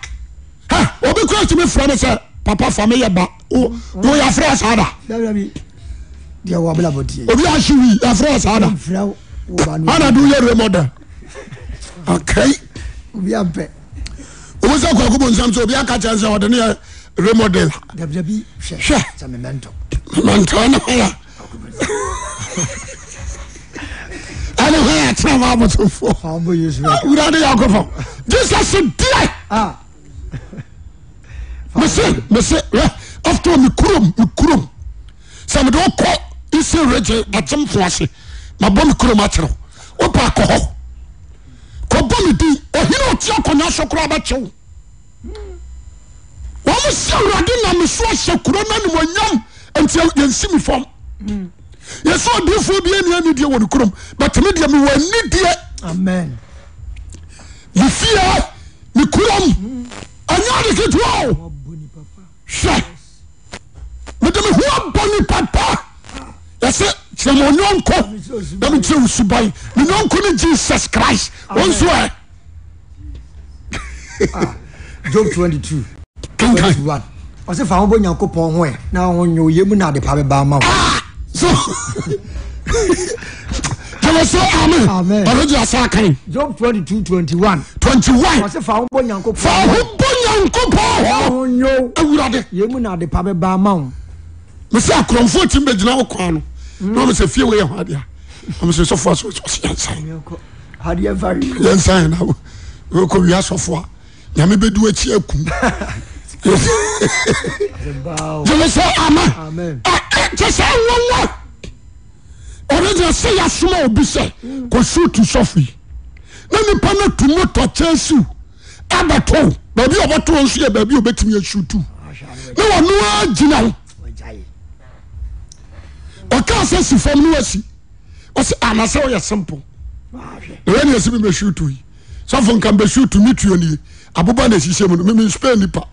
ha obi kura ti mi fura mi sẹ papa fa mi yẹ ba o o yà fura sa da. diẹ wà bẹ́ẹ̀ bọ̀ tiẹ̀. obi aṣọ wi yà fura sa da ana dun yẹ rẹ mọ dẹ akẹ́yì. obi abẹ. obi sẹ kọ̀ọ̀kọ̀ bọ̀ nsàm sẹ obi akatsẹ nsẹ ọ̀dẹ ni yẹ rẹ mọ dẹ la. dabi dabi hwẹ sẹ mi mẹ n tọ. mẹ n tọ ẹ náà yà ɛne hɔ yɛ kyerɛ wɔ abosofoɔ wurade jesus deɛ mese mese after mekurom mekurom sɛ mede wokɔ israel regye agyemfo ase mabɔ me kurom akyerɛ wopɛ akɔ hɔ kɔbɔ me din ɔhene ɔte akɔnya so koraa bɛkye wo wɔmo sɛ awurade na meso ahyɛ kuro no animonyam nti yɛnsi me fam yɛsɛ ɔdiifoɔ bia nea ne deɛ wɔ ne kurom but me deɛ mewɔ ani deɛ amen me fie me kurom ɛnyɛ ade ketewa o hwɛ mede me ho abɔne papa yɛsɛ kyerɛ ma ɔnyɔnko na mekyerɛ wo suban me nyɔnko ne jesus christ ɔnso ɛ ah, job 22 kenkan ɔsɛ fa wobɔ nyankopɔn ho ɛ na ɔnyɛ oyɛ mu na ade pa bɛbaa ma wo so tẹlẹ sọ amen ọlọjì asa kan. job twenty two twenty one. twenty one. wọ́n sẹ́ fàáhùn bọ̀ yankó pọ̀. fàáhùn bọ̀ yankó pọ̀. fàáhùn yó. ewurade. yéé mu na adepa bẹ bá a ma wọn. mo sẹ akurọ̀nfọ́ tí n bẹ gyina ọkọ àná náà mo sẹ fíye wo yẹ hàn adìyà ọmọ sẹ sọfọ aṣọ ọsẹ yẹn nsàn. adìyẹ nfa rí. yẹn nsàn yẹn náà o kò wíyá sọfọ a nyàmé bẹ du ẹkyí ẹkùn. tẹlẹ sọ amen. amen. Ah, nti sɛ nwowo ɔne de sɛ yɛasoma obi sɛ kɔsuo tu sɔfo na nipa no tu motɔ kyɛ siw abɛtoo baabi a ɔbɛtoo nso yɛ baabi a ɔbɛtumi asuo tu na wɔno a gyina ho ɔkaa sɛ si fam no wasi ɔsɛ anasɛ ɔyɛ simple na wɛne asi mebɛsuo tu yi sɔfo nka mbɛsuo tu me tuo nie aboba na asihyɛ mu no meme spain nipa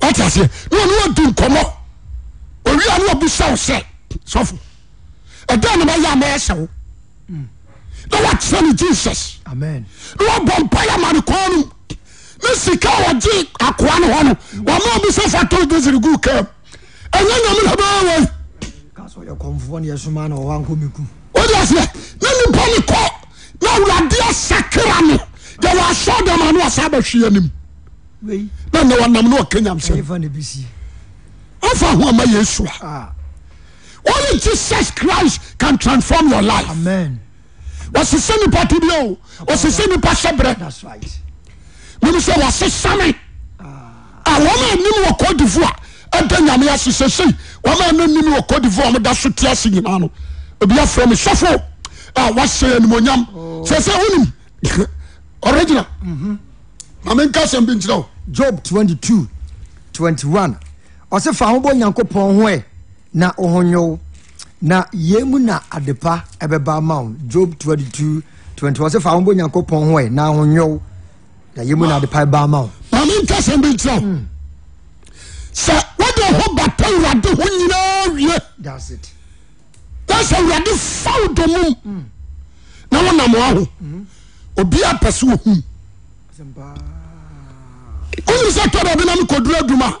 ɔte aseɛ na ɔno adi nkɔmmɔ wia ne abisɛwo sɛ sɔfo ɛdan no bɛyɛ maɛsɛwo ne watesɛ no jesus ne wabɔmpa yɛ amanekɔ n ne sika wɔye akoa nh ma bsɛ fotrg ka ɛnyɛ nyam nabɛɛweiɛ ne nipane kɔ na awurade asɛkra no yɛwɔasɛdama ne asa bahwe nim na nɛ wanam ne akanyams fha ysne jsus cis a tans yf sesɛ nipabo sesɛniasɛ erɛ msɛ wasesamema nim wɔkɔdfoa ada nyameasesɛs nni dfose yiɛsɛwsɛanysɛ sɛonrgina namenka sɛ bi yir jb 2221 ɔsɛ fa ho bɔ nyankopɔn ho ɛ na ɔhonyow na yei mu na adepa ɛbɛba ma wo job 22 20 ɔsɛ fa ho bɔ nyankopɔn ho ɛ na ahonyow na yei mu na adepa ɛba ma wo maame nka sɛm bi nkyerɛ hmm. sɛ wode ho bata awurade ho nyinaa wie na sɛ awurade fa wo dɔ mum hmm. na wonam waho hmm. obiaa pɛ sɛ wɔhum wonu sɛ tɔ baabi na mekɔduru adwuma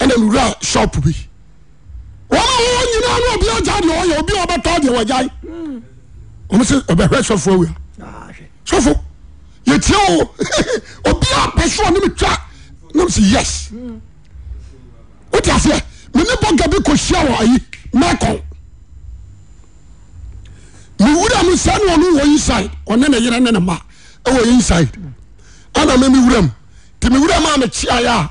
ɛna nwura shop bi wɔn a wɔn nyinaa no obi agya deɛ ɔyɛ obi a ɔbɛtɔ deɛ wɔgyae wɔn sɛ ɔbɛhwɛ sɔfo awia sɔfo yɛtie o obi a pɛ so a twa ne mu si yes o ti aseɛ mɛ ne bɔ gabi ko hyia wɔ ayi mɛkɔn mɛ wura mu sɛ ne ɔno inside ɔne ne yere ne ne ma ɛwɔ inside ɛna mɛ mi wura mu te mi wura mu a mɛ kyi ayɛ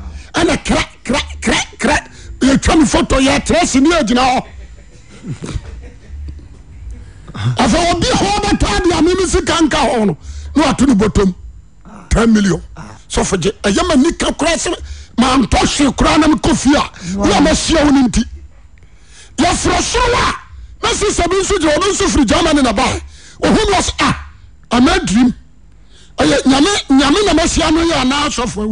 n kr ytwan oto ytrese nginaetone boto t0 million sofe yeank nse a sni ererɛ fri ae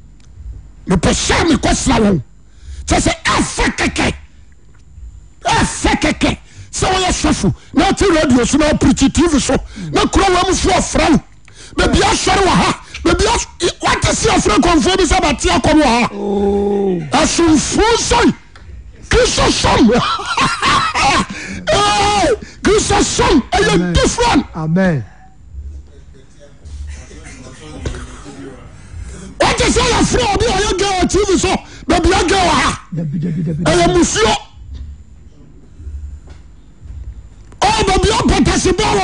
mepɛsɛ me kɔsena wo tɛ sɛ ɛfɛk ɛfɛ kɛkɛ sɛ woyɛ sefo na ate radio so na apretitive so ne korowamufoɔfrao bebia sɛre wha wtsefra konfoɔ bisɛ bateakɔmha oh. asomfoso krisosom krisosom ɛyɛdfan sɛyɛfrɛ ɔbe ɔyɛgtimi so babia gɛ ɔha muuo babia ɛɛsebɛy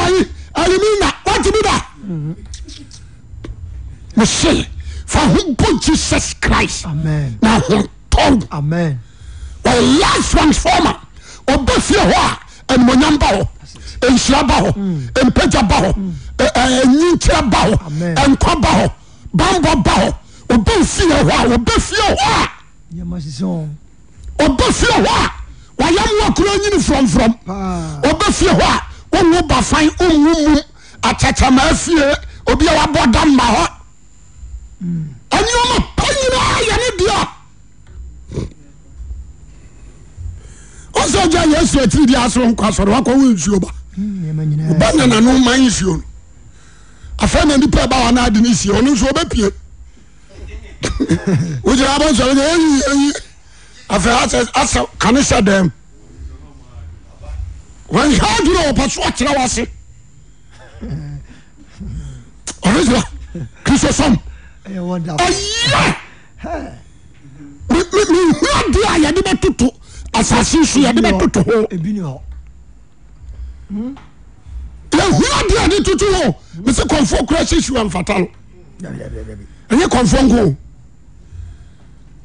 aiina wtii ba se fa ho bɔ jesus christ na hotɔn la transfoma ɔba fie hɔ a animnyam ba hɔ nhyiraba hɔ mpɛgyaba hɔ nyinkyira ba hɔ mm. mm. nkɔ ba hɔ banbɔ ba hɔ ọba fie hɔ a ọba fie hɔ a ọba fie hɔ a wàyà mu akuro nyini frɔmfrɔm ọba fie hɔ a ọwọ bafan ọwọ mu atatamaa fie obi a wabɔ damba hɔ ɛni mm. ɔmo pa nyinaa yɛ ne deɛ ɔsɛ gya yɛsu akyiri deɛ asoro nkɔ asɔre wakɔ wo nsuo ba ɔba mm, nyananu ma nsuo afɛn na nipa ɛba wa n'adi ne sie ɔno nso ɔbɛ pie. wota base afas kanesɛ dem auopasowakyerawse era kristo so ehu deayɛde bɛtt asase soyɛde ɛo ho udede ttuh mese konf krassiwmfata ye onfn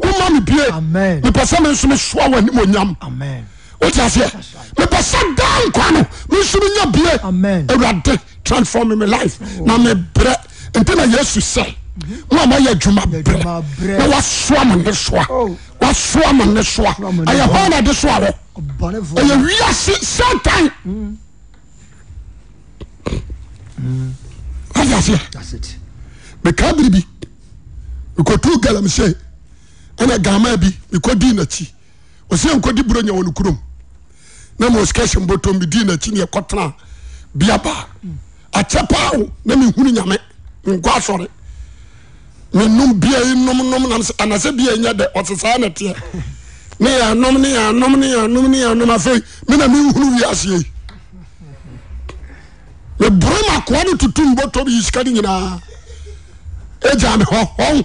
woma me bie mepɛ sɛ me nso mesoa w'anim onyam wotiaseɛ quoi, nous daa nkwa no menso menya bie awurade transform my life na mebrɛ nti na yesu sɛ mo a moayɛ adwuma berɛ na wasoa mo ne soa oh. wasoa mo ne soa ɛyɛ hɔ na de bien hɔ ɛyɛ wiase satan wotiaseɛ mm. meka biribi mekotu galamsɛ ɛna gama bi mekɔ dii n'akyi ɔsɛ nkɔdi buro nya wɔn kurom na ma osika hyɛ mbɔtɔ mi n'akyi ne yɛkɔtena bia baa akyɛ paa o na mehunu nyame nkɔ asɔre menom bia yi nom nom anasɛ bia nya dɛ ɔsesaa na teɛ ne yɛ anom ne yɛ anom ne yɛ anom ne yɛ anom afei me na mehunu wiase yi meboro ma koa no tutu mbɔtɔ bi yi sika no nyinaa e ɛgya me hɔhɔn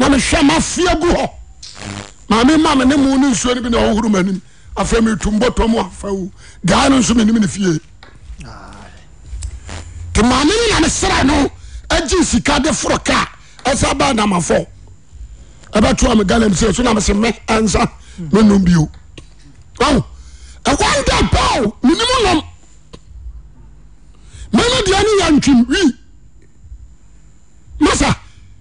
mone hema fie g ho mam ma menem ne nsuanbinhro nim fmitumbotomganso menine fie te mamennamesere no age sika de foro ka asabanama fo betoa megalmsonse me nsa mnbo wonde pa menim lom mene dea ne ya ntim we msa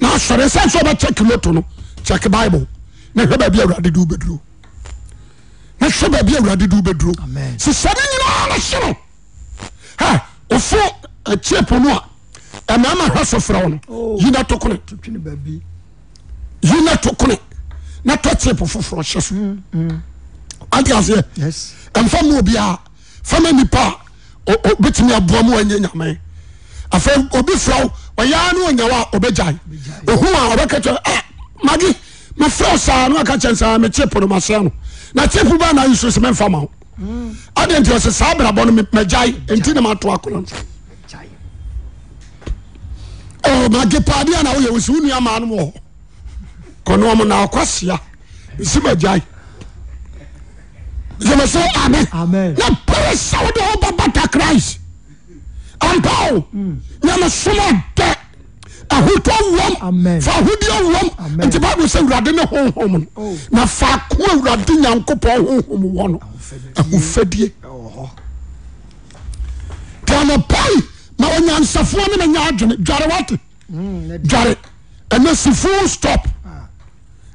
esɛsɛɔbɛkyɛkeloto no kyɛke bible ne hwɛ baabi awurade dw b ne hwɛ baabi awrade w br ssɛne nyinaa nahye noofo kyipo eh, no a maama hɛ se frɛ no nnnato kepo foforhyo mfa mobia fama nipa a bɛtumi aboamuaye nyam af obi frɛ oya nyao beya e mefɛseaaa cri ampao yanesono ɔdɛ aho w faahodiɛ wm nti bado sɛ wurade ne homhom oh. no na faako awurade nyankopɔn honhomwɔ no ɛhofɛdie t anapae na ɔnyansafoa ne manyɛ adwene dware wate mm, dware ɛnɛ sifo stop ah.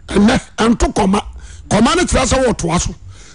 ɛnɛ nto kɔma kɔma no terɛ sɛ wɔɔtoa so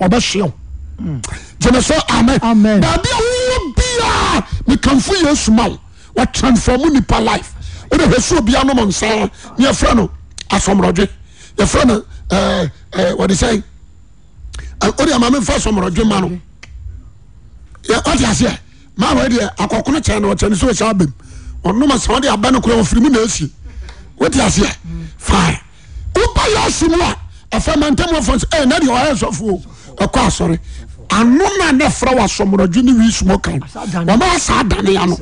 ɔbɛhyew gyeme sɛ amen baabi a wowɔ bia mekamfo yesu ma wo wɔtransform nipa life wode hwɛ sɛ obia nom nsa ne yɛfrɛ no asɔmrɔdwe yɛfrɛ no wɔde sɛ wode ama memfa asɔmrɔdwe ma no ɔte aseɛ maa wɔ deɛ akɔko no kyɛn no ɔkyɛn so ɛhyɛ abam ɔnom asɛ wɔde aba no kora ɔfiri mu na asi wote aseɛ fine woba yɛ asi mu a ɛfɛ mantam wɔfɔ sɛ ɛnɛ deɛ ɔyɛ sɔfoɔ ɛkɔ asɔre ano na ne fura wa sɔmɔnɔdwi ni wii sumɔ kan wɔn bɛ saa daneya no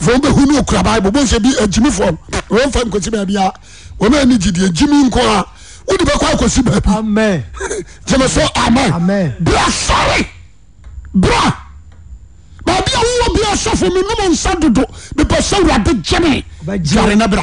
fɔm bɛ hu ni okura baabu bɔn sɛ bi ejimi fɔm wɔn fɛn nkosi baabi a wɔn bɛ ni jidi ejimi nko a wodi bɛ kɔ akosi baabi jɛmɛ sɔ amen bra sɔre bra baabi a wowɔ bi asɔfo mi numu nsa dodo bipɛ sɛ wulade jɛmɛ jare na bra.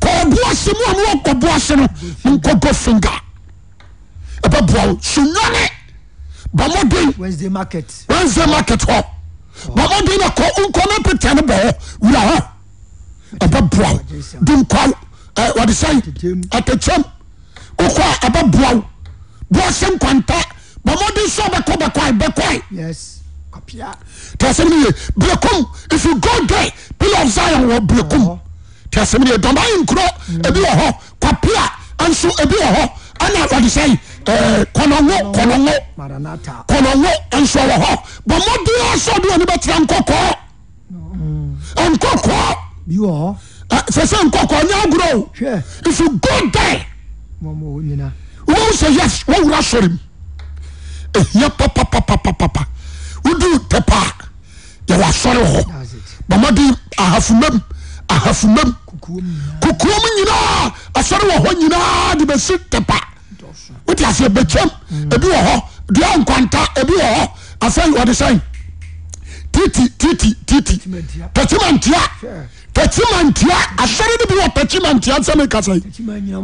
kobuase mamkbase no enkgo finge baba sone bms arket bpetwl ba ba dnaes ae k babua basenkna beoekifyull nkuoio kapia ansu ebioho anewadese onn nsuho bomodeaso dienibetera nkoko nkoko sese nkoko ne guro if gode momuseyewowur sori ehia papa wudu papa yawa soreho bomode ahafuma ahafuma kokoom nyinaa ɛsɛre wɔ hɔ nyinaa de bɛsi tepa wetiasɛ bakyam abi wɔ hɔ dua nkwanta ɛbi wɔ hɔ asɛe ɔde sɛn titi titi titi pakyima ntia pakyimantia asɛre ne biwɔ pakyima ntia nsɛmkasɛi